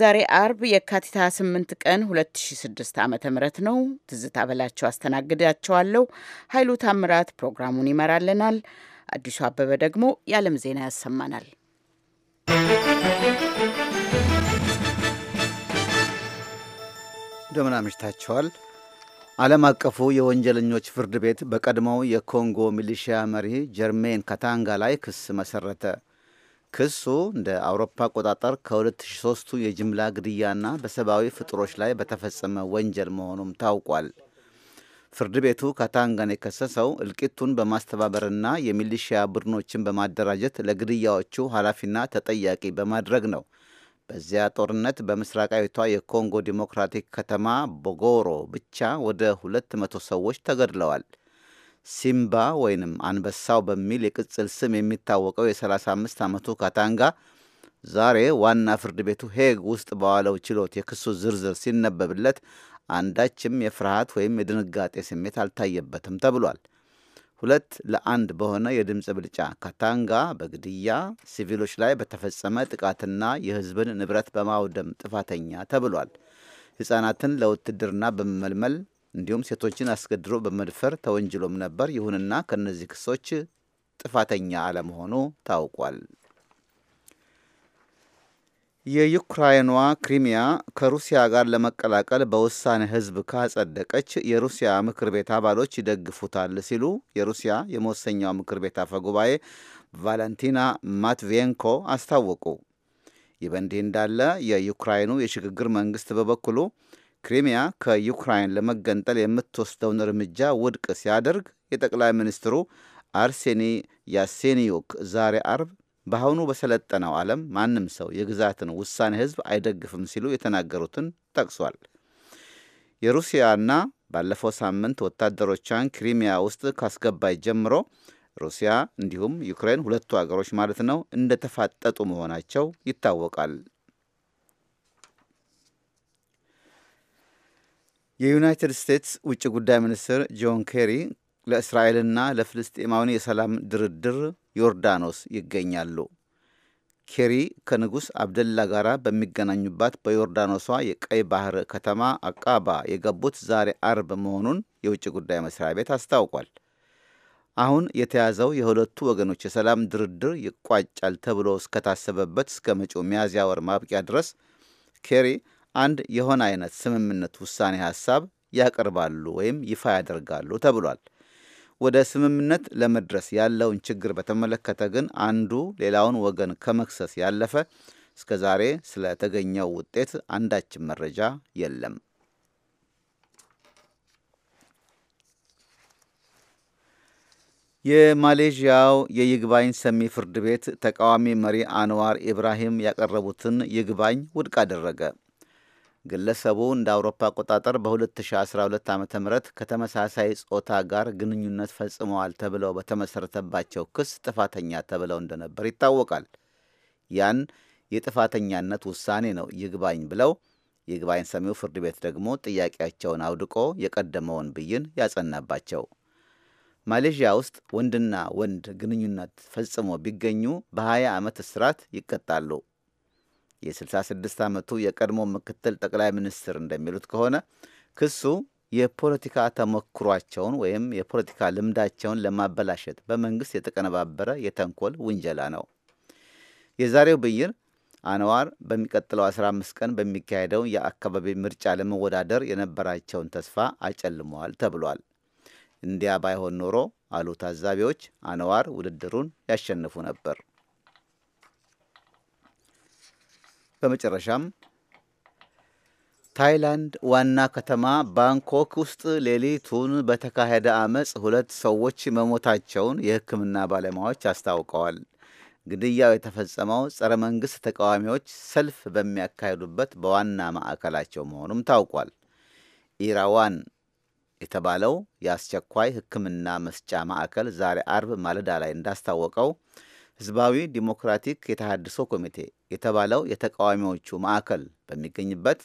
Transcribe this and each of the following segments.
ዛሬ አርብ የካቲት 28 ቀን 2006 ዓ ም ነው። ትዝታ በላቸው አስተናግዳቸዋለሁ። ኃይሉ ታምራት ፕሮግራሙን ይመራልናል። አዲሱ አበበ ደግሞ የዓለም ዜና ያሰማናል። እንደምን አምሽታችኋል። ዓለም አቀፉ የወንጀለኞች ፍርድ ቤት በቀድሞው የኮንጎ ሚሊሺያ መሪ ጀርሜን ካታንጋ ላይ ክስ መሰረተ። ክሱ እንደ አውሮፓ አቆጣጠር ከ2003ቱ የጅምላ ግድያና በሰብአዊ ፍጥሮች ላይ በተፈጸመ ወንጀል መሆኑም ታውቋል። ፍርድ ቤቱ ካታንጋን የከሰሰው እልቂቱን በማስተባበርና የሚሊሺያ ቡድኖችን በማደራጀት ለግድያዎቹ ኃላፊና ተጠያቂ በማድረግ ነው። በዚያ ጦርነት በምስራቃዊቷ የኮንጎ ዲሞክራቲክ ከተማ ቦጎሮ ብቻ ወደ 200 ሰዎች ተገድለዋል። ሲምባ ወይንም አንበሳው በሚል የቅጽል ስም የሚታወቀው የ35 ዓመቱ ካታንጋ ዛሬ ዋና ፍርድ ቤቱ ሄግ ውስጥ በዋለው ችሎት የክሱ ዝርዝር ሲነበብለት አንዳችም የፍርሃት ወይም የድንጋጤ ስሜት አልታየበትም ተብሏል። ሁለት ለአንድ በሆነ የድምፅ ብልጫ ካታንጋ በግድያ ሲቪሎች ላይ በተፈጸመ ጥቃትና የሕዝብን ንብረት በማውደም ጥፋተኛ ተብሏል። ሕፃናትን ለውትድርና በመመልመል እንዲሁም ሴቶችን አስገድሮ በመድፈር ተወንጅሎም ነበር። ይሁንና ከእነዚህ ክሶች ጥፋተኛ አለመሆኑ ታውቋል። የዩክራይኗ ክሪሚያ ከሩሲያ ጋር ለመቀላቀል በውሳኔ ሕዝብ ካጸደቀች የሩሲያ ምክር ቤት አባሎች ይደግፉታል ሲሉ የሩሲያ የመወሰኛው ምክር ቤት አፈ ጉባኤ ቫለንቲና ማትቬንኮ አስታወቁ። ይህ በእንዲህ እንዳለ የዩክራይኑ የሽግግር መንግስት በበኩሉ ክሪሚያ ከዩክራይን ለመገንጠል የምትወስደውን እርምጃ ውድቅ ሲያደርግ የጠቅላይ ሚኒስትሩ አርሴኒ ያሴኒዮክ ዛሬ አርብ በአሁኑ በሰለጠነው ዓለም ማንም ሰው የግዛትን ውሳኔ ህዝብ አይደግፍም ሲሉ የተናገሩትን ጠቅሷል። የሩሲያና ባለፈው ሳምንት ወታደሮቿን ክሪሚያ ውስጥ ካስገባች ጀምሮ ሩሲያ እንዲሁም ዩክሬን ሁለቱ አገሮች ማለት ነው እንደተፋጠጡ መሆናቸው ይታወቃል። የዩናይትድ ስቴትስ ውጭ ጉዳይ ሚኒስትር ጆን ኬሪ ለእስራኤልና ለፍልስጤማውን የሰላም ድርድር ዮርዳኖስ ይገኛሉ። ኬሪ ከንጉሥ አብደላ ጋር በሚገናኙባት በዮርዳኖሷ የቀይ ባህር ከተማ አቃባ የገቡት ዛሬ አርብ መሆኑን የውጭ ጉዳይ መስሪያ ቤት አስታውቋል። አሁን የተያዘው የሁለቱ ወገኖች የሰላም ድርድር ይቋጫል ተብሎ እስከታሰበበት እስከ መጪው ሚያዝያ ወር ማብቂያ ድረስ ኬሪ አንድ የሆነ አይነት ስምምነት ውሳኔ ሀሳብ ያቀርባሉ ወይም ይፋ ያደርጋሉ ተብሏል። ወደ ስምምነት ለመድረስ ያለውን ችግር በተመለከተ ግን አንዱ ሌላውን ወገን ከመክሰስ ያለፈ እስከ ዛሬ ስለተገኘው ውጤት አንዳችም መረጃ የለም። የማሌዥያው የይግባኝ ሰሚ ፍርድ ቤት ተቃዋሚ መሪ አንዋር ኢብራሂም ያቀረቡትን ይግባኝ ውድቅ አደረገ። ግለሰቡ እንደ አውሮፓ አቆጣጠር በ2012 ዓ ም ከተመሳሳይ ጾታ ጋር ግንኙነት ፈጽመዋል ተብለው በተመሰረተባቸው ክስ ጥፋተኛ ተብለው እንደነበር ይታወቃል። ያን የጥፋተኛነት ውሳኔ ነው ይግባኝ ብለው ይግባኝ ሰሚው ፍርድ ቤት ደግሞ ጥያቄያቸውን አውድቆ የቀደመውን ብይን ያጸናባቸው። ማሌዥያ ውስጥ ወንድና ወንድ ግንኙነት ፈጽሞ ቢገኙ በ20 ዓመት እስራት ይቀጣሉ። የ66 ዓመቱ የቀድሞ ምክትል ጠቅላይ ሚኒስትር እንደሚሉት ከሆነ ክሱ የፖለቲካ ተሞክሯቸውን ወይም የፖለቲካ ልምዳቸውን ለማበላሸት በመንግስት የተቀነባበረ የተንኮል ውንጀላ ነው። የዛሬው ብይን አንዋር በሚቀጥለው 15 ቀን በሚካሄደው የአካባቢ ምርጫ ለመወዳደር የነበራቸውን ተስፋ አጨልመዋል ተብሏል። እንዲያ ባይሆን ኖሮ አሉ ታዛቢዎች፣ አንዋር ውድድሩን ያሸንፉ ነበር። በመጨረሻም ታይላንድ ዋና ከተማ ባንኮክ ውስጥ ሌሊቱን በተካሄደ አመፅ ሁለት ሰዎች መሞታቸውን የሕክምና ባለሙያዎች አስታውቀዋል። ግድያው የተፈጸመው ጸረ መንግሥት ተቃዋሚዎች ሰልፍ በሚያካሂዱበት በዋና ማዕከላቸው መሆኑም ታውቋል። ኢራዋን የተባለው የአስቸኳይ ሕክምና መስጫ ማዕከል ዛሬ አርብ ማለዳ ላይ እንዳስታወቀው ህዝባዊ ዲሞክራቲክ የተሃድሶ ኮሚቴ የተባለው የተቃዋሚዎቹ ማዕከል በሚገኝበት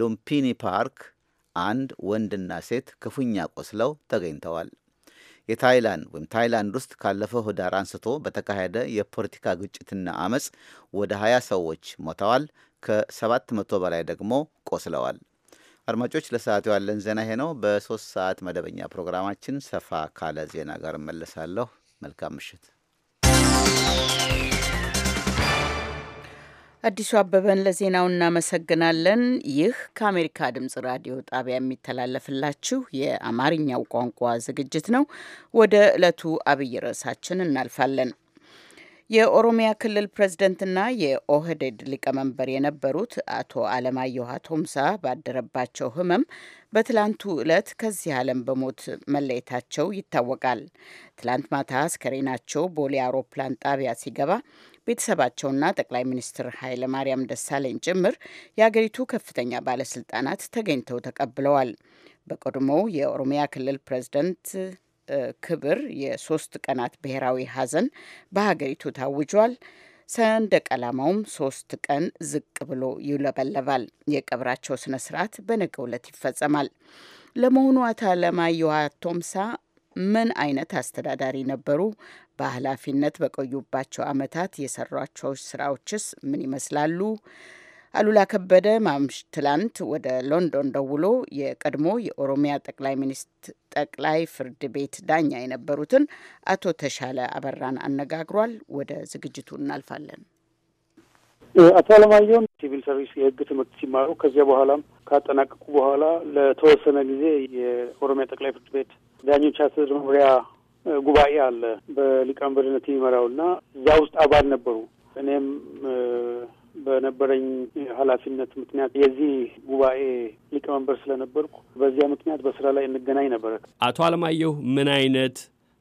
ሉምፒኒ ፓርክ አንድ ወንድና ሴት ክፉኛ ቆስለው ተገኝተዋል። የታይላንድ ወይም ታይላንድ ውስጥ ካለፈው ህዳር አንስቶ በተካሄደ የፖለቲካ ግጭትና አመፅ ወደ 20 ሰዎች ሞተዋል፣ ከ700 በላይ ደግሞ ቆስለዋል። አድማጮች ለሰዓቱ ያለን ዜና ይሄ ነው። በሶስት ሰዓት መደበኛ ፕሮግራማችን ሰፋ ካለ ዜና ጋር እመለሳለሁ። መልካም ምሽት። አዲሱ አበበን ለዜናው እናመሰግናለን። ይህ ከአሜሪካ ድምጽ ራዲዮ ጣቢያ የሚተላለፍላችሁ የአማርኛው ቋንቋ ዝግጅት ነው። ወደ ዕለቱ አብይ ርዕሳችን እናልፋለን። የኦሮሚያ ክልል ፕሬዝደንትና የኦህዴድ ሊቀመንበር የነበሩት አቶ አለማየሁ አቶምሳ ባደረባቸው ህመም በትላንቱ ዕለት ከዚህ ዓለም በሞት መለየታቸው ይታወቃል። ትላንት ማታ አስከሬናቸው ቦሌ አውሮፕላን ጣቢያ ሲገባ ቤተሰባቸውና ጠቅላይ ሚኒስትር ኃይለማርያም ደሳለኝ ጭምር የአገሪቱ ከፍተኛ ባለስልጣናት ተገኝተው ተቀብለዋል። በቀድሞው የኦሮሚያ ክልል ፕሬዝደንት ክብር የሶስት ቀናት ብሔራዊ ሀዘን በሀገሪቱ ታውጇል። ሰንደቅ ዓላማውም ሶስት ቀን ዝቅ ብሎ ይውለበለባል። የቀብራቸው ስነ ስርዓት በነገው ዕለት ይፈጸማል። ለመሆኑ አቶ አለማየሁ ቶምሳ ምን አይነት አስተዳዳሪ ነበሩ? በኃላፊነት በቆዩባቸው አመታት የሰሯቸው ስራዎችስ ምን ይመስላሉ? አሉላ ከበደ ማምሽ ትላንት ወደ ሎንዶን ደውሎ የቀድሞ የኦሮሚያ ጠቅላይ ሚኒስት ጠቅላይ ፍርድ ቤት ዳኛ የነበሩትን አቶ ተሻለ አበራን አነጋግሯል። ወደ ዝግጅቱ እናልፋለን። አቶ አለማየሁን ሲቪል ሰርቪስ የህግ ትምህርት ሲማሩ ከዚያ በኋላም ካጠናቀቁ በኋላ ለተወሰነ ጊዜ የኦሮሚያ ጠቅላይ ፍርድ ቤት ዳኞች አስተዳደር መምሪያ ጉባኤ አለ በሊቀመንበርነት የሚመራው እና እዛ ውስጥ አባል ነበሩ። እኔም በነበረኝ ኃላፊነት ምክንያት የዚህ ጉባኤ ሊቀመንበር ስለነበርኩ በዚያ ምክንያት በስራ ላይ እንገናኝ ነበረ። አቶ አለማየሁ ምን አይነት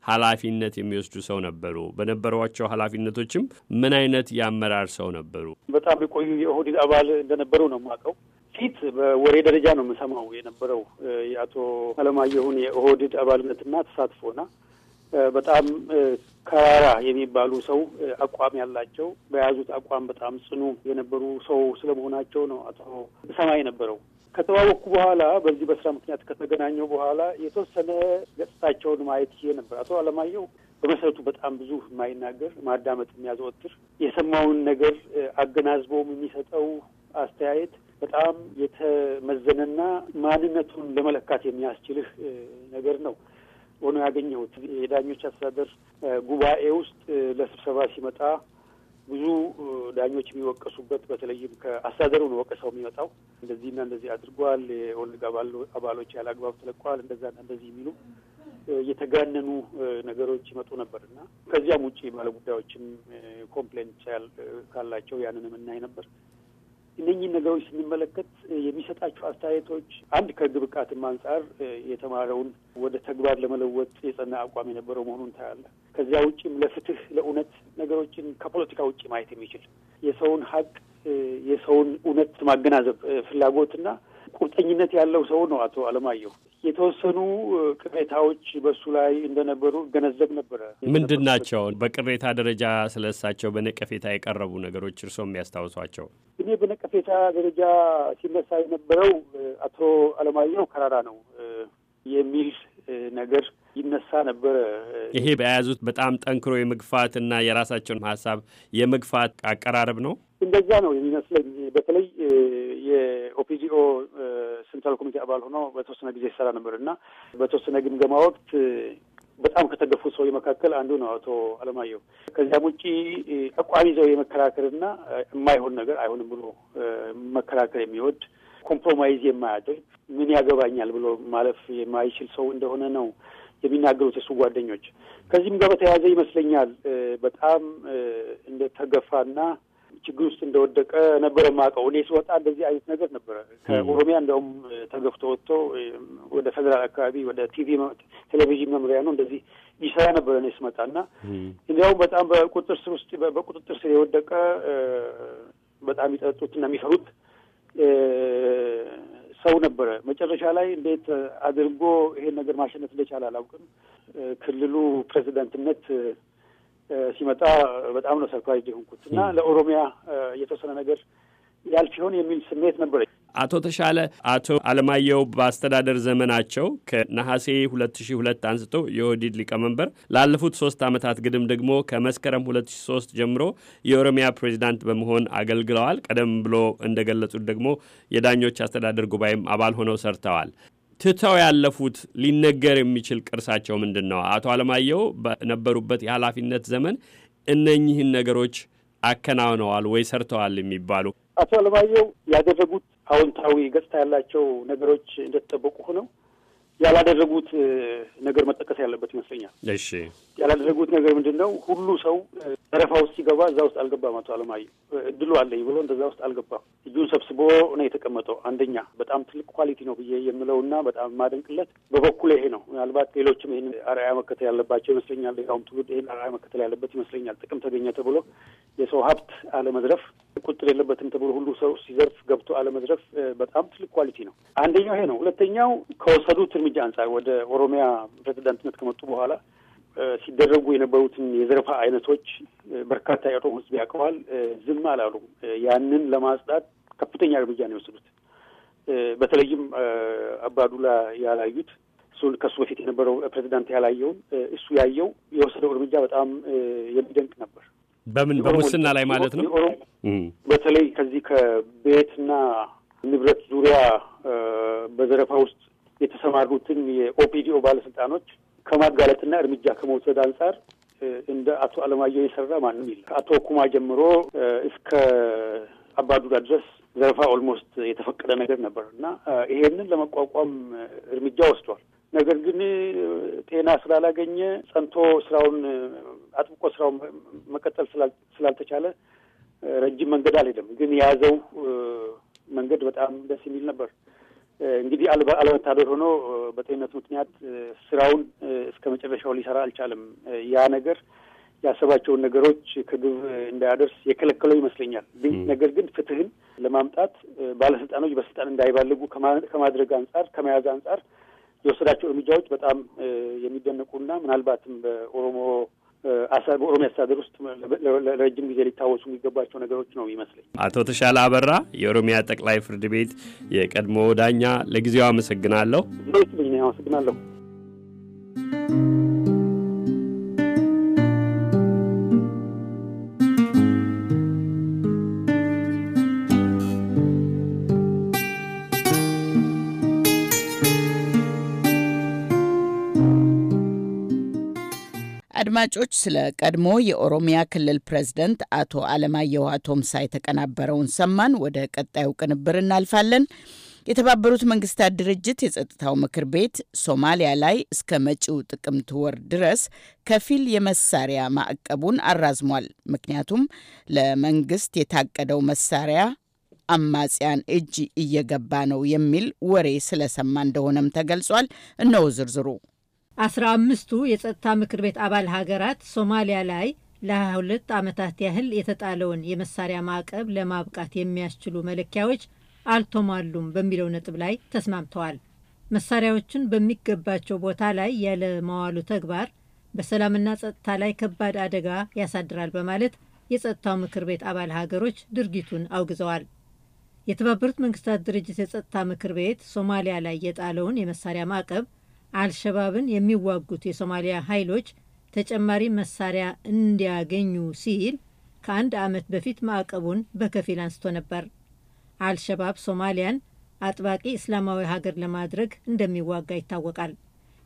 ኃላፊነት የሚወስዱ ሰው ነበሩ? በነበሯቸው ኃላፊነቶችም ምን አይነት የአመራር ሰው ነበሩ? በጣም የቆዩ የኦህዴድ አባል እንደነበሩ ነው የማውቀው። ፊት በወሬ ደረጃ ነው የምሰማው የነበረው የአቶ አለማየሁን የኦህዴድ አባልነትና ተሳትፎና በጣም ከራራ የሚባሉ ሰው አቋም ያላቸው በያዙት አቋም በጣም ጽኑ የነበሩ ሰው ስለመሆናቸው ነው አቶ ሰማይ የነበረው። ከተዋወቅኩ በኋላ በዚህ በስራ ምክንያት ከተገናኘው በኋላ የተወሰነ ገጽታቸውን ማየት ይሄ ነበር። አቶ አለማየሁ በመሰረቱ በጣም ብዙ የማይናገር ማዳመጥ የሚያዘወትር የሰማውን ነገር አገናዝቦም የሚሰጠው አስተያየት በጣም የተመዘነና ማንነቱን ለመለካት የሚያስችልህ ነገር ነው ሆኖ ያገኘሁት። የዳኞች አስተዳደር ጉባኤ ውስጥ ለስብሰባ ሲመጣ ብዙ ዳኞች የሚወቀሱበት በተለይም ከአስተዳደሩ ነው ወቀሰው የሚመጣው። እንደዚህና እንደዚህ አድርጓል፣ የኦልግ አባሎች ያለ አግባብ ተለቋል፣ እንደዛና እንደዚህ የሚሉ የተጋነኑ ነገሮች ይመጡ ነበር እና ከዚያም ውጭ ባለጉዳዮችም ኮምፕሌንት ካላቸው ያንንም እናይ ነበር። እነኚህ ነገሮች ስንመለከት የሚሰጣቸው አስተያየቶች አንድ ከህግ ብቃትም አንጻር የተማረውን ወደ ተግባር ለመለወጥ የጸና አቋም የነበረው መሆኑን ታያለ። ከዚያ ውጭም ለፍትህ፣ ለእውነት ነገሮችን ከፖለቲካ ውጭ ማየት የሚችል የሰውን ሀቅ የሰውን እውነት ማገናዘብ ፍላጎትና ቁርጠኝነት ያለው ሰው ነው አቶ አለማየሁ። የተወሰኑ ቅሬታዎች በሱ ላይ እንደነበሩ ገነዘብ ነበረ። ምንድን ናቸው በቅሬታ ደረጃ ስለሳቸው በነቀፌታ የቀረቡ ነገሮች እርስዎ የሚያስታውሷቸው? እኔ በነቀፌታ ደረጃ ሲነሳ የነበረው አቶ አለማየሁ ከራራ ነው የሚል ነገር ይነሳ ነበረ። ይሄ በያዙት በጣም ጠንክሮ የመግፋት እና የራሳቸውን ሀሳብ የመግፋት አቀራረብ ነው። እንደዛ ነው የሚመስለኝ። በተለይ የኦፒዲኦ ሴንትራል ኮሚቴ አባል ሆኖ በተወሰነ ጊዜ ይሰራ ነበር እና በተወሰነ ግምገማ ወቅት በጣም ከተገፉ ሰው መካከል አንዱ ነው አቶ አለማየሁ። ከዚያም ውጪ አቋም ይዘው የመከራከርና የማይሆን ነገር አይሆንም ብሎ መከራከር የሚወድ ኮምፕሮማይዝ የማያደርግ ምን ያገባኛል ብሎ ማለፍ የማይችል ሰው እንደሆነ ነው የሚናገሩት እሱ ጓደኞች። ከዚህም ጋር በተያያዘ ይመስለኛል በጣም እንደተገፋና ችግር ውስጥ እንደወደቀ ነበረ ማውቀው። እኔ ስወጣ እንደዚህ አይነት ነገር ነበረ። ከኦሮሚያ እንደውም ተገፍቶ ወጥቶ ወደ ፌዴራል አካባቢ ወደ ቲቪ ቴሌቪዥን መምሪያ ነው እንደዚህ ይሰራ ነበረ እኔ ስመጣ እና እንዲያውም በጣም በቁጥጥር ስር ውስጥ በቁጥጥር ስር የወደቀ በጣም የሚጠጡትና የሚፈሩት ሰው ነበረ። መጨረሻ ላይ እንዴት አድርጎ ይሄን ነገር ማሸነፍ እንደቻለ አላውቅም። ክልሉ ፕሬዚደንትነት ሲመጣ በጣም ነው ሰርፕራይዝ የሆንኩት እና ለኦሮሚያ የተወሰነ ነገር ያልፍ ይሆን የሚል ስሜት ነበረኝ። አቶ ተሻለ አቶ አለማየሁ በአስተዳደር ዘመናቸው ከነሐሴ 2002 አንስቶ የኦህዴድ ሊቀመንበር ላለፉት ሶስት ዓመታት ግድም ደግሞ ከመስከረም 2003 ጀምሮ የኦሮሚያ ፕሬዚዳንት በመሆን አገልግለዋል። ቀደም ብሎ እንደገለጹት ደግሞ የዳኞች አስተዳደር ጉባኤም አባል ሆነው ሰርተዋል። ትተው ያለፉት ሊነገር የሚችል ቅርሳቸው ምንድን ነው? አቶ አለማየሁ በነበሩበት የኃላፊነት ዘመን እነኚህን ነገሮች አከናውነዋል ወይ ሰርተዋል የሚባሉ አቶ አለማየሁ ያደረጉት አዎንታዊ ገጽታ ያላቸው ነገሮች እንደተጠበቁ ሆነው ያላደረጉት ነገር መጠቀስ ያለበት ይመስለኛል። እሺ ያላደረጉት ነገር ምንድን ነው? ሁሉ ሰው ዘረፋ ውስጥ ሲገባ እዛ ውስጥ አልገባም። አቶ አለማየሁ እድሉ አለኝ ብሎ እንደዛ ውስጥ አልገባም። እጁን ሰብስቦ ነው የተቀመጠው። አንደኛ በጣም ትልቅ ኳሊቲ ነው ብዬ የምለውና በጣም ማደንቅለት በበኩል ይሄ ነው። ምናልባት ሌሎችም ይህን አርአያ መከተል ያለባቸው ይመስለኛል። ሌላውም ትውልድ ይህን አርአያ መከተል ያለበት ይመስለኛል። ጥቅም ተገኘ ተብሎ የሰው ሀብት አለመዝረፍ፣ ቁጥር የለበትም ተብሎ ሁሉ ሰው ሲዘርፍ ገብቶ አለመዝረፍ በጣም ትልቅ ኳሊቲ ነው። አንደኛው ይሄ ነው። ሁለተኛው ከወሰዱት እርምጃ አንጻር ወደ ኦሮሚያ ፕሬዚዳንትነት ከመጡ በኋላ ሲደረጉ የነበሩትን የዘረፋ አይነቶች በርካታ የኦሮሞ ህዝብ ያውቀዋል። ዝም አላሉም። ያንን ለማጽዳት ከፍተኛ እርምጃ ነው የወሰዱት። በተለይም አባዱላ ያላዩት እሱን ከእሱ በፊት የነበረው ፕሬዚዳንት ያላየውን እሱ ያየው የወሰደው እርምጃ በጣም የሚደንቅ ነበር። በምን በሙስና ላይ ማለት ነው። በተለይ ከዚህ ከቤትና ንብረት ዙሪያ በዘረፋ ውስጥ የተሰማሩትን የኦፒዲኦ ባለስልጣኖች ከማጋለጥና እርምጃ ከመውሰድ አንጻር እንደ አቶ አለማየሁ የሰራ ማንም የለም። አቶ ኩማ ጀምሮ እስከ አባዱዳ ድረስ ዘረፋ ኦልሞስት የተፈቀደ ነገር ነበር እና ይሄንን ለመቋቋም እርምጃ ወስዷል። ነገር ግን ጤና ስላላገኘ ጸንቶ ስራውን አጥብቆ ስራውን መቀጠል ስላልተቻለ ረጅም መንገድ አልሄደም። ግን የያዘው መንገድ በጣም ደስ የሚል ነበር። እንግዲህ አለመታደር ሆኖ በጤንነቱ ምክንያት ስራውን እስከ መጨረሻው ሊሰራ አልቻለም። ያ ነገር ያሰባቸውን ነገሮች ከግብ እንዳያደርስ የከለከለው ይመስለኛል። ነገር ግን ፍትህን ለማምጣት ባለስልጣኖች በስልጣን እንዳይባልጉ ከማድረግ አንጻር ከመያዝ አንጻር የወሰዳቸው እርምጃዎች በጣም የሚደነቁና ምናልባትም በኦሮሞ በኦሮሚያ አስተዳደር ውስጥ ለረጅም ጊዜ ሊታወሱ የሚገባቸው ነገሮች ነው ይመስለኝ። አቶ ተሻለ አበራ የኦሮሚያ ጠቅላይ ፍርድ ቤት የቀድሞ ዳኛ፣ ለጊዜው አመሰግናለሁ። አመሰግናለሁ። አድማጮች፣ ስለ ቀድሞ የኦሮሚያ ክልል ፕሬዝደንት አቶ አለማየሁ አቶምሳ የተቀናበረውን ሰማን። ወደ ቀጣዩ ቅንብር እናልፋለን። የተባበሩት መንግስታት ድርጅት የጸጥታው ምክር ቤት ሶማሊያ ላይ እስከ መጪው ጥቅምት ወር ድረስ ከፊል የመሳሪያ ማዕቀቡን አራዝሟል። ምክንያቱም ለመንግስት የታቀደው መሳሪያ አማጽያን እጅ እየገባ ነው የሚል ወሬ ስለሰማ እንደሆነም ተገልጿል። እነሆ ዝርዝሩ አስራ አምስቱ የጸጥታ ምክር ቤት አባል ሀገራት ሶማሊያ ላይ ለ22 ዓመታት ያህል የተጣለውን የመሳሪያ ማዕቀብ ለማብቃት የሚያስችሉ መለኪያዎች አልተሟሉም በሚለው ነጥብ ላይ ተስማምተዋል። መሳሪያዎቹን በሚገባቸው ቦታ ላይ መዋሉ ተግባር በሰላምና ጸጥታ ላይ ከባድ አደጋ ያሳድራል በማለት የጸጥታው ምክር ቤት አባል ሀገሮች ድርጊቱን አውግዘዋል። የተባበሩት መንግስታት ድርጅት የጸጥታ ምክር ቤት ሶማሊያ ላይ የጣለውን የመሳሪያ ማዕቀብ አልሸባብን የሚዋጉት የሶማሊያ ኃይሎች ተጨማሪ መሳሪያ እንዲያገኙ ሲል ከአንድ ዓመት በፊት ማዕቀቡን በከፊል አንስቶ ነበር። አልሸባብ ሶማሊያን አጥባቂ እስላማዊ ሀገር ለማድረግ እንደሚዋጋ ይታወቃል።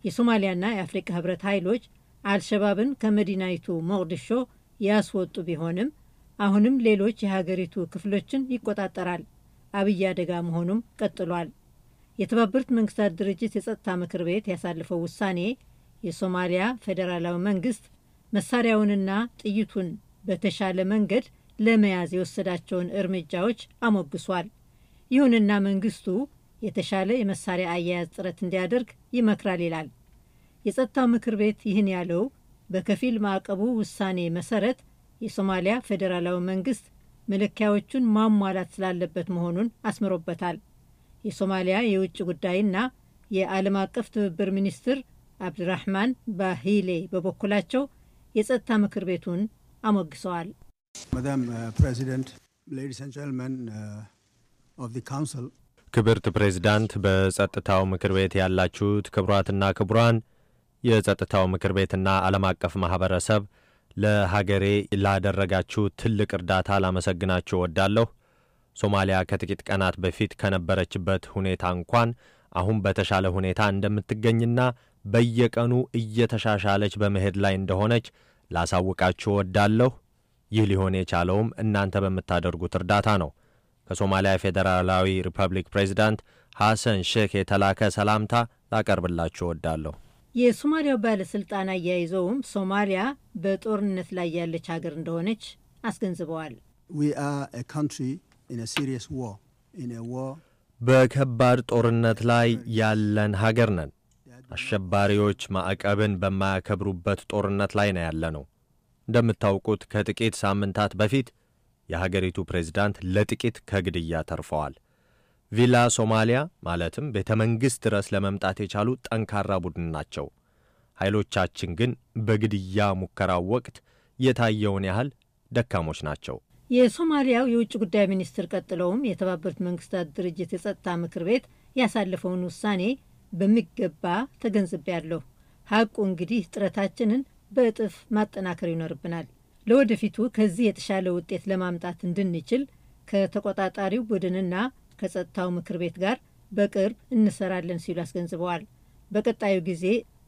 የሶማሊያና የአፍሪካ ህብረት ኃይሎች አልሸባብን ከመዲናይቱ ሞቅዲሾ ያስወጡ ቢሆንም አሁንም ሌሎች የሀገሪቱ ክፍሎችን ይቆጣጠራል። አብይ አደጋ መሆኑም ቀጥሏል። የተባበሩት መንግስታት ድርጅት የጸጥታ ምክር ቤት ያሳለፈው ውሳኔ የሶማሊያ ፌዴራላዊ መንግስት መሳሪያውንና ጥይቱን በተሻለ መንገድ ለመያዝ የወሰዳቸውን እርምጃዎች አሞግሷል። ይሁንና መንግስቱ የተሻለ የመሳሪያ አያያዝ ጥረት እንዲያደርግ ይመክራል ይላል። የጸጥታው ምክር ቤት ይህን ያለው በከፊል ማዕቀቡ ውሳኔ መሰረት የሶማሊያ ፌዴራላዊ መንግስት መለኪያዎቹን ማሟላት ስላለበት መሆኑን አስምሮበታል። የሶማሊያ የውጭ ጉዳይና የዓለም አቀፍ ትብብር ሚኒስትር አብድራህማን ባሂሌ በበኩላቸው የጸጥታ ምክር ቤቱን አሞግሰዋል። uh, uh, ክብርት ፕሬዚዳንት፣ በጸጥታው ምክር ቤት ያላችሁት ክቡራትና ክቡራን፣ የጸጥታው ምክር ቤትና ዓለም አቀፍ ማኅበረሰብ ለሀገሬ ላደረጋችሁ ትልቅ እርዳታ ላመሰግናችሁ እወዳለሁ። ሶማሊያ ከጥቂት ቀናት በፊት ከነበረችበት ሁኔታ እንኳን አሁን በተሻለ ሁኔታ እንደምትገኝና በየቀኑ እየተሻሻለች በመሄድ ላይ እንደሆነች ላሳውቃችሁ እወዳለሁ። ይህ ሊሆን የቻለውም እናንተ በምታደርጉት እርዳታ ነው። ከሶማሊያ ፌዴራላዊ ሪፐብሊክ ፕሬዚዳንት ሐሰን ሼክ የተላከ ሰላምታ ላቀርብላችሁ እወዳለሁ። የሶማሊያው ባለሥልጣን አያይዘውም ሶማሊያ በጦርነት ላይ ያለች ሀገር እንደሆነች አስገንዝበዋል። በከባድ ጦርነት ላይ ያለን ሀገር ነን። አሸባሪዎች ማዕቀብን በማያከብሩበት ጦርነት ላይ ነው ያለ ነው። እንደምታውቁት ከጥቂት ሳምንታት በፊት የሀገሪቱ ፕሬዝዳንት ለጥቂት ከግድያ ተርፈዋል። ቪላ ሶማሊያ ማለትም ቤተ መንግሥት ድረስ ለመምጣት የቻሉ ጠንካራ ቡድን ናቸው። ኃይሎቻችን ግን በግድያ ሙከራው ወቅት የታየውን ያህል ደካሞች ናቸው። የሶማሊያው የውጭ ጉዳይ ሚኒስትር ቀጥለውም የተባበሩት መንግስታት ድርጅት የጸጥታ ምክር ቤት ያሳለፈውን ውሳኔ በሚገባ ተገንዝቤያለሁ። ሀቁ እንግዲህ ጥረታችንን በእጥፍ ማጠናከር ይኖርብናል። ለወደፊቱ ከዚህ የተሻለ ውጤት ለማምጣት እንድንችል ከተቆጣጣሪው ቡድንና ከጸጥታው ምክር ቤት ጋር በቅርብ እንሰራለን ሲሉ አስገንዝበዋል። በቀጣዩ ጊዜ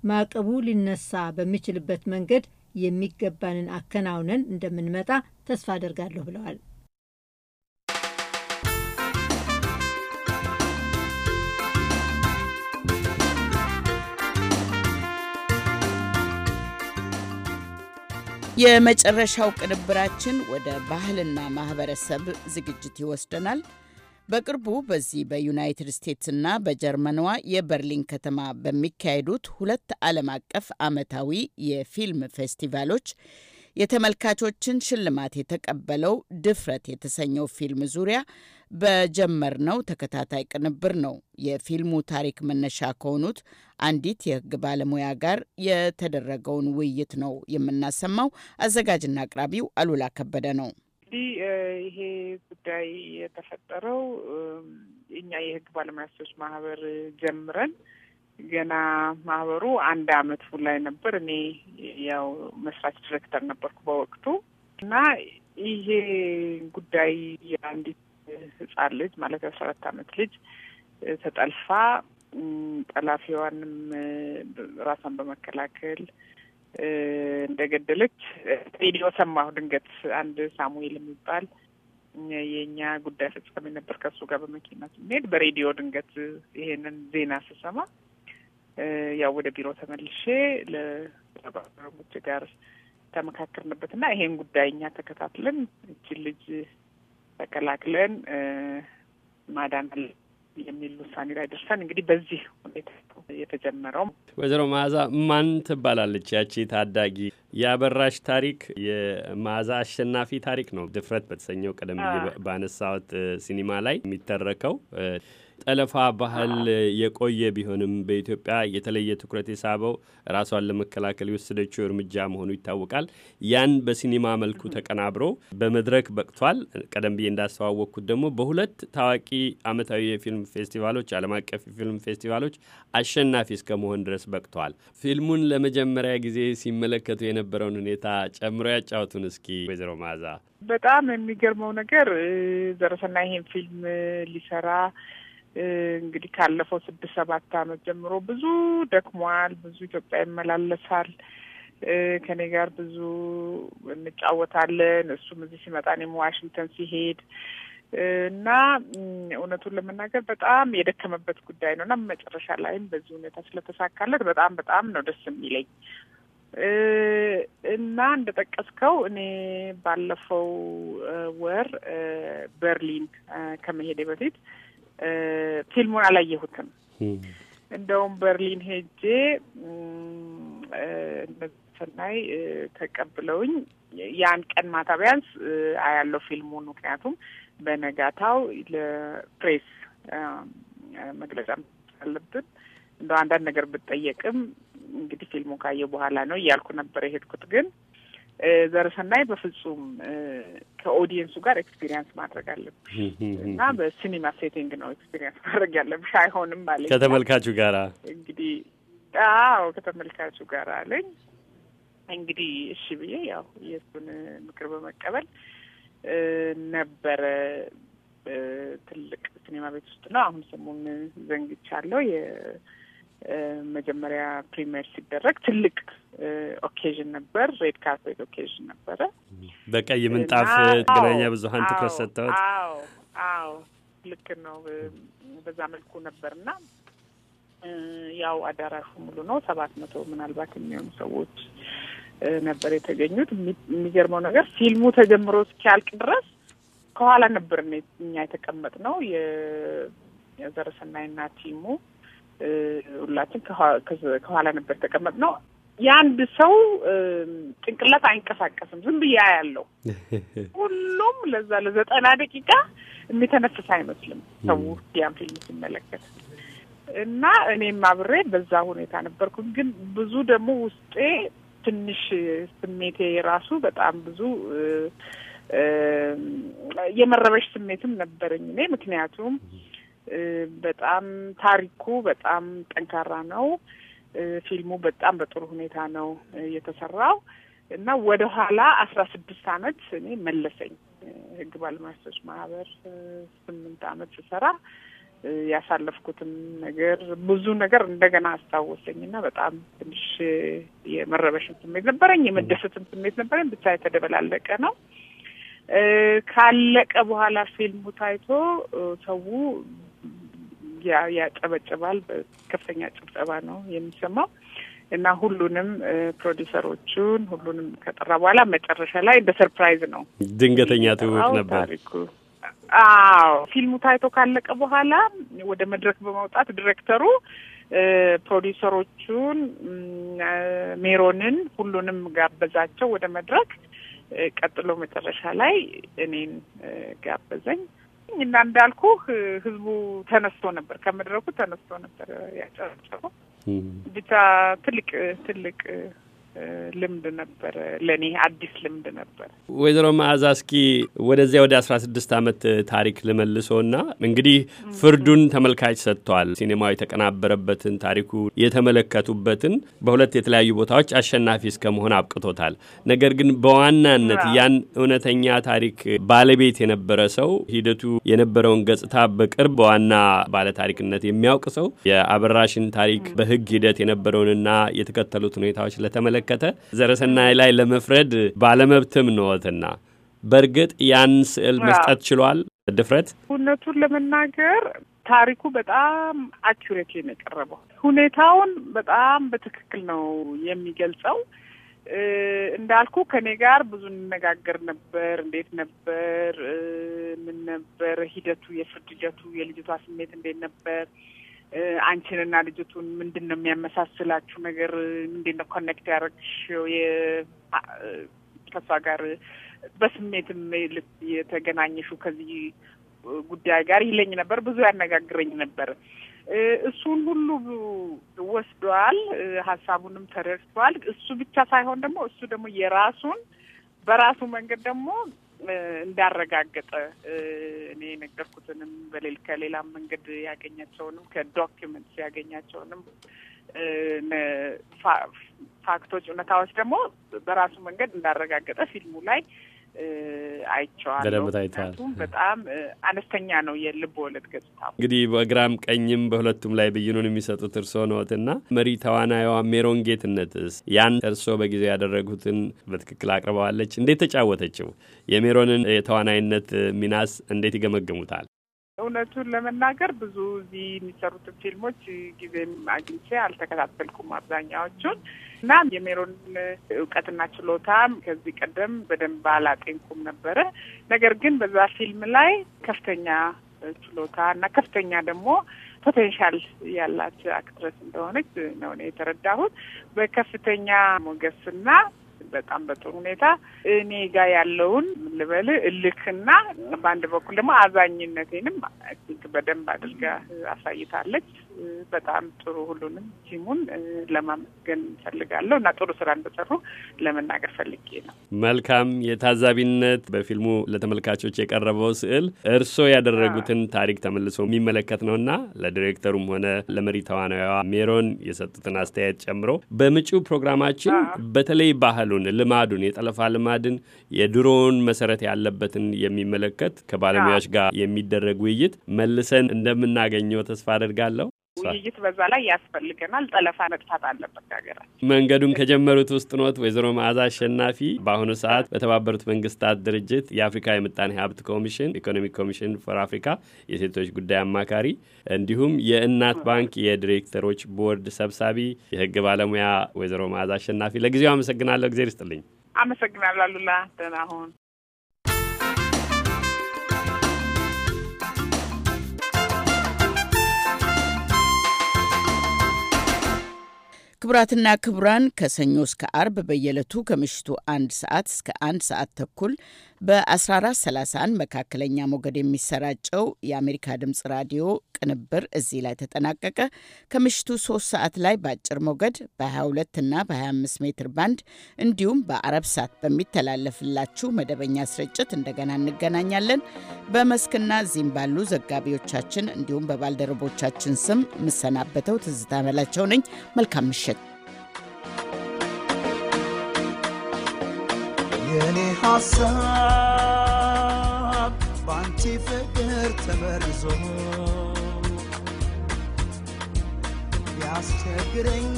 ማዕቀቡ ሊነሳ በሚችልበት መንገድ የሚገባንን አከናውነን እንደምንመጣ ተስፋ አደርጋለሁ ብለዋል። የመጨረሻው ቅንብራችን ወደ ባህልና ማህበረሰብ ዝግጅት ይወስደናል። በቅርቡ በዚህ በዩናይትድ ስቴትስና በጀርመንዋ የበርሊን ከተማ በሚካሄዱት ሁለት ዓለም አቀፍ ዓመታዊ የፊልም ፌስቲቫሎች የተመልካቾችን ሽልማት የተቀበለው ድፍረት የተሰኘው ፊልም ዙሪያ በጀመርነው ተከታታይ ቅንብር ነው የፊልሙ ታሪክ መነሻ ከሆኑት አንዲት የሕግ ባለሙያ ጋር የተደረገውን ውይይት ነው የምናሰማው። አዘጋጅና አቅራቢው አሉላ ከበደ ነው። እንግዲህ ይሄ ጉዳይ የተፈጠረው እኛ የህግ ባለሙያቶች ማህበር ጀምረን ገና ማህበሩ አንድ አመት ላይ ነበር። እኔ ያው መስራች ዲሬክተር ነበርኩ በወቅቱ እና ይሄ ጉዳይ የአንዲት ህጻን ልጅ ማለት የአስራ አራት አመት ልጅ ተጠልፋ ጠላፊዋንም ራሷን በመከላከል እንደገደለች ሬዲዮ ሰማሁ። ድንገት አንድ ሳሙኤል የሚባል የእኛ ጉዳይ ፈጻሚ ነበር። ከሱ ጋር በመኪና ስንሄድ በሬዲዮ ድንገት ይሄንን ዜና ስሰማ ያው ወደ ቢሮ ተመልሼ ለባረቦች ጋር ተመካከርንበት እና ይሄን ጉዳይ እኛ ተከታትለን እችን ልጅ ተቀላቅለን ማዳን አለ የሚል ውሳኔ ላይ ደርሰን እንግዲህ በዚህ ሁኔታ የተጀመረው። ወይዘሮ መዓዛ ማን ትባላለች? ያቺ ታዳጊ የአበራሽ ታሪክ የመዓዛ አሸናፊ ታሪክ ነው። ድፍረት በተሰኘው ቀደም ባነሳዎት ሲኒማ ላይ የሚተረከው ጠለፋ ባህል የቆየ ቢሆንም በኢትዮጵያ የተለየ ትኩረት የሳበው ራሷን ለመከላከል የወሰደችው እርምጃ መሆኑ ይታወቃል። ያን በሲኒማ መልኩ ተቀናብሮ በመድረክ በቅቷል። ቀደም ብዬ እንዳስተዋወቅኩት ደግሞ በሁለት ታዋቂ ዓመታዊ የፊልም ፌስቲቫሎች፣ ዓለም አቀፍ የፊልም ፌስቲቫሎች አሸናፊ እስከ መሆን ድረስ በቅቷል። ፊልሙን ለመጀመሪያ ጊዜ ሲመለከቱ የነበረውን ሁኔታ ጨምሮ ያጫወቱን እስኪ ወይዘሮ መዓዛ። በጣም የሚገርመው ነገር ዘረሰና ይሄን ፊልም ሊሰራ እንግዲህ ካለፈው ስድስት ሰባት ዓመት ጀምሮ ብዙ ደክሟል። ብዙ ኢትዮጵያ ይመላለሳል። ከኔ ጋር ብዙ እንጫወታለን። እሱም እዚህ ሲመጣ እኔም ዋሽንግተን ሲሄድ እና እውነቱን ለመናገር በጣም የደከመበት ጉዳይ ነው እና መጨረሻ ላይም በዚህ ሁኔታ ስለተሳካለት በጣም በጣም ነው ደስ የሚለኝ። እና እንደጠቀስከው እኔ ባለፈው ወር በርሊን ከመሄዴ በፊት ፊልሙን አላየሁትም። እንደውም በርሊን ሄጄ ሰናይ ተቀብለውኝ ያን ቀን ማታ ቢያንስ አያለው ፊልሙን። ምክንያቱም በነጋታው ለፕሬስ መግለጫ አለብን። እንደው አንዳንድ ነገር ብጠየቅም እንግዲህ ፊልሙ ካየው በኋላ ነው እያልኩ ነበር የሄድኩት ግን ዘረሰናይ በፍጹም ከኦዲየንሱ ጋር ኤክስፒሪየንስ ማድረግ አለብሽ እና በሲኒማ ሴቲንግ ነው ኤክስፒሪየንስ ማድረግ ያለብሽ። አይሆንም አለኝ ከተመልካቹ ጋራ እንግዲህ። አዎ ከተመልካቹ ጋር አለኝ እንግዲህ። እሺ ብዬ ያው የእሱን ምክር በመቀበል ነበረ ትልቅ ሲኒማ ቤት ውስጥ ነው። አሁን ስሙን ዘንግቻለሁ። መጀመሪያ ፕሪሚየር ሲደረግ ትልቅ ኦኬዥን ነበር። ሬድ ካርፔት ኦኬዥን ነበረ። በቀይ ምንጣፍ መገናኛ ብዙኃን ትኩረት ሰጥተውት። አዎ አዎ፣ ልክ ነው። በዛ መልኩ ነበር እና ያው አዳራሹ ሙሉ ነው። ሰባት መቶ ምናልባት የሚሆኑ ሰዎች ነበር የተገኙት። የሚገርመው ነገር ፊልሙ ተጀምሮ እስኪያልቅ ድረስ ከኋላ ነበር እኛ የተቀመጥ ነው የዘረሰናይና ቲሙ ሁላችን ከኋላ ነበር ተቀመጥ ነው። የአንድ ሰው ጭንቅላት አይንቀሳቀስም። ዝም ብያ ያለው ሁሉም ለዛ ለዘጠና ደቂቃ የሚተነፍስ አይመስልም ሰው ያን ፊልም ሲመለከት እና እኔም አብሬ በዛ ሁኔታ ነበርኩ። ግን ብዙ ደግሞ ውስጤ ትንሽ ስሜቴ የራሱ በጣም ብዙ የመረበሽ ስሜትም ነበረኝ እኔ ምክንያቱም በጣም ታሪኩ በጣም ጠንካራ ነው። ፊልሙ በጣም በጥሩ ሁኔታ ነው የተሰራው እና ወደ ኋላ አስራ ስድስት አመት እኔ መለሰኝ። ህግ ባለሙያዎች ማህበር ስምንት አመት ስሰራ ያሳለፍኩትን ነገር ብዙ ነገር እንደገና አስታወሰኝ እና በጣም ትንሽ የመረበሽን ስሜት ነበረኝ፣ የመደሰትን ስሜት ነበረኝ። ብቻ የተደበላለቀ ነው። ካለቀ በኋላ ፊልሙ ታይቶ ሰው ያጨበጭባል። ከፍተኛ ጭብጨባ ነው የሚሰማው እና ሁሉንም ፕሮዲሰሮቹን ሁሉንም ከጠራ በኋላ መጨረሻ ላይ እንደ ሰርፕራይዝ ነው። ድንገተኛ ትውውቅ ነበር አዎ ፊልሙ ታይቶ ካለቀ በኋላ ወደ መድረክ በመውጣት ዲሬክተሩ ፕሮዲሰሮቹን፣ ሜሮንን ሁሉንም ጋበዛቸው ወደ መድረክ። ቀጥሎ መጨረሻ ላይ እኔን ጋበዘኝ። እና እንዳልኩ ህዝቡ ተነስቶ ነበር፣ ከመድረኩ ተነስቶ ነበር ያጨረጨረው። ብቻ ትልቅ ትልቅ ልምድ ነበረ። ለእኔ አዲስ ልምድ ነበር። ወይዘሮ መዓዛ እስኪ ወደዚያ ወደ አስራ ስድስት አመት ታሪክ ልመልሶና እንግዲህ ፍርዱን ተመልካች ሰጥተዋል። ሲኔማው የተቀናበረበትን ታሪኩ የተመለከቱበትን በሁለት የተለያዩ ቦታዎች አሸናፊ እስከ መሆን አብቅቶታል። ነገር ግን በዋናነት ያን እውነተኛ ታሪክ ባለቤት የነበረ ሰው ሂደቱ የነበረውን ገጽታ በቅርብ በዋና ባለታሪክነት የሚያውቅ ሰው የአበራሽን ታሪክ በህግ ሂደት የነበረውንና የተከተሉት ሁኔታዎች ለተመለ በተመለከተ ዘረሰናይ ላይ ለመፍረድ ባለመብትም ነዎትና በእርግጥ ያን ስዕል መስጠት ችሏል ድፍረት እውነቱን ለመናገር ታሪኩ በጣም አኪሬት ነው የቀረበው። ሁኔታውን በጣም በትክክል ነው የሚገልጸው። እንዳልኩ ከእኔ ጋር ብዙ እንነጋገር ነበር። እንዴት ነበር? ምን ነበር ሂደቱ? የፍርድ ሂደቱ፣ የልጅቷ ስሜት እንዴት ነበር? አንቺንና ልጅቱን ምንድን ነው የሚያመሳስላችሁ ነገር? ምንድን ነው ኮኔክት ያደረግሽው ከሷ ጋር በስሜትም የተገናኘሽው ከዚህ ጉዳይ ጋር ይለኝ ነበር። ብዙ ያነጋግረኝ ነበር። እሱን ሁሉ ወስዷል። ሀሳቡንም ተረድቷል። እሱ ብቻ ሳይሆን ደግሞ እሱ ደግሞ የራሱን በራሱ መንገድ ደግሞ እንዳረጋገጠ እኔ የነገርኩትንም በሌል ከሌላም መንገድ ያገኛቸውንም ከዶኪመንትስ ያገኛቸውንም ፋክቶች፣ እውነታዎች ደግሞ በራሱ መንገድ እንዳረጋገጠ ፊልሙ ላይ አይቼዋለሁ። ምክንያቱም በጣም አነስተኛ ነው የልብ ወለድ ገጽታ። እንግዲህ በግራም ቀኝም በሁለቱም ላይ ብይኑን የሚሰጡት እርስዎ ነዎትና መሪ ተዋናይዋ ሜሮን ጌትነትስ ያን እርስዎ በጊዜው ያደረጉትን በትክክል አቅርበዋለች። እንዴት ተጫወተችው? የሜሮንን የተዋናይነት ሚናስ እንዴት ይገመግሙታል? እውነቱን ለመናገር ብዙ እዚህ የሚሰሩትን ፊልሞች ጊዜም አግኝቼ አልተከታተልኩም አብዛኛዎቹን እና የሜሮን እውቀትና ችሎታ ከዚህ ቀደም በደንብ አላጤንኩም ነበረ። ነገር ግን በዛ ፊልም ላይ ከፍተኛ ችሎታ እና ከፍተኛ ደግሞ ፖቴንሻል ያላት አክትረስ እንደሆነች ነው የተረዳሁት። በከፍተኛ ሞገስና በጣም በጥሩ ሁኔታ እኔ ጋር ያለውን ልበል እልክና በአንድ በኩል ደግሞ አዛኝነቴንም ቲንክ በደንብ አድርጋ አሳይታለች። በጣም ጥሩ ሁሉንም ቲሙን ለማመስገን ፈልጋለሁ እና ጥሩ ስራ እንደሰሩ ለመናገር ፈልጌ ነው። መልካም የታዛቢነት በፊልሙ ለተመልካቾች የቀረበው ስዕል እርስዎ ያደረጉትን ታሪክ ተመልሶ የሚመለከት ነውና ለዲሬክተሩም ሆነ ለመሪ ተዋናዋ ሜሮን የሰጡትን አስተያየት ጨምሮ በምጪው ፕሮግራማችን በተለይ ባህል ባህሉን፣ ልማዱን፣ የጠለፋ ልማድን የድሮውን መሰረት ያለበትን የሚመለከት ከባለሙያዎች ጋር የሚደረግ ውይይት መልሰን እንደምናገኘው ተስፋ አደርጋለሁ። ውይይት በዛ ላይ ያስፈልገናል። ጠለፋ መጥፋት አለበት ሀገራችን። መንገዱን ከጀመሩት ውስጥ ኖት ወይዘሮ መዓዛ አሸናፊ በአሁኑ ሰዓት በተባበሩት መንግስታት ድርጅት የአፍሪካ የምጣኔ ሀብት ኮሚሽን ኢኮኖሚክ ኮሚሽን ፎር አፍሪካ የሴቶች ጉዳይ አማካሪ እንዲሁም የእናት ባንክ የዲሬክተሮች ቦርድ ሰብሳቢ፣ የህግ ባለሙያ ወይዘሮ መዓዛ አሸናፊ ለጊዜው አመሰግናለሁ። እግዜር ይስጥልኝ። አመሰግናለሁ አሉላ። ደህና ሁን። ክቡራትና ክቡራን ከሰኞ እስከ አርብ በየዕለቱ ከምሽቱ አንድ ሰዓት እስከ አንድ ሰዓት ተኩል በ1431 መካከለኛ ሞገድ የሚሰራጨው የአሜሪካ ድምፅ ራዲዮ ቅንብር እዚህ ላይ ተጠናቀቀ። ከምሽቱ 3 ሰዓት ላይ በአጭር ሞገድ በ22 እና በ25 ሜትር ባንድ እንዲሁም በአረብ ሰዓት በሚተላለፍላችሁ መደበኛ ስርጭት እንደገና እንገናኛለን። በመስክና እዚህም ባሉ ዘጋቢዎቻችን እንዲሁም በባልደረቦቻችን ስም የምሰናበተው ትዝታ መላቸው ነኝ። መልካም ምሽት። عيني حساب بانتي فقر تمرزو ያስቸግረኝ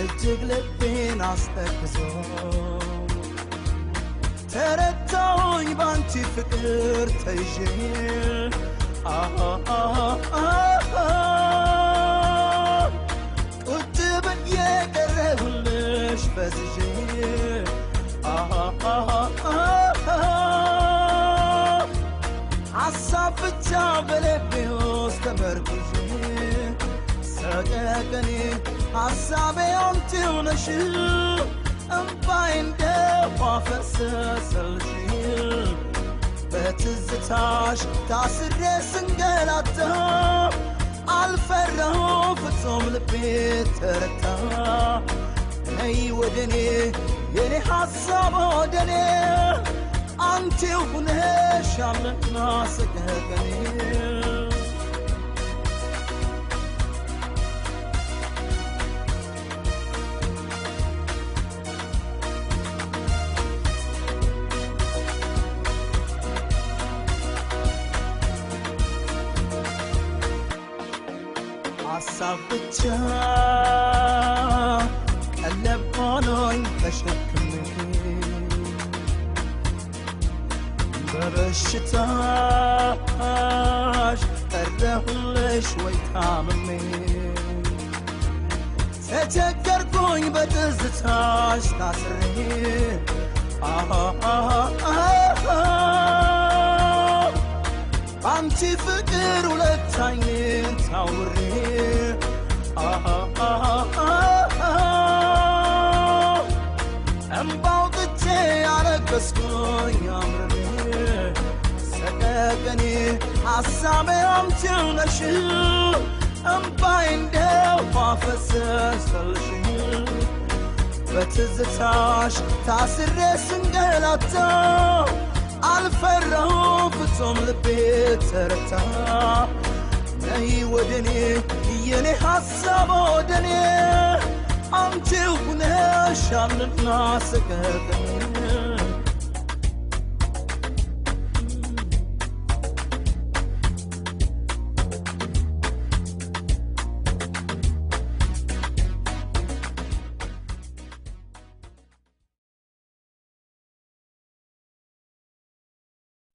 እጅግ ልቤን አስጠግዞ ተረታሁኝ ባንቺ ፍቅር ተይዤ ቁጭ ብዬ ቀረሁልሽ በዝዤ ሐሳብ ብቻ በልቤ ውስጥ ተመርኩዤ ሰቀቀኔ ሐሳቤ አንቺው ነሽ እምባይ እንደ ውሃ በትዝታሽ ታስሬ ስንገላታ አልፈራሁ ፍጹም ልቤ ተረታ ነይ ወደኔ لحسب ودني أنت وبنهش عم ناسك هبني በሽታሽ ቀረሁልሽ ወይ ታምሜ ተቸገርኩኝ በትዝታሽ ታስሬ አንቺ ፍቅር ሁለት አይነት ታውሬ እምባውጥቼ አለቀስኩኝ بنی حسابم تل نشی ام باینده حافظ سلشی به تزتاش تاثیر رسن گلتا الفرهو بتم لبی ترتا نهی ودنی یعنی حساب ودنی ام تیونه شمن ناسکردنی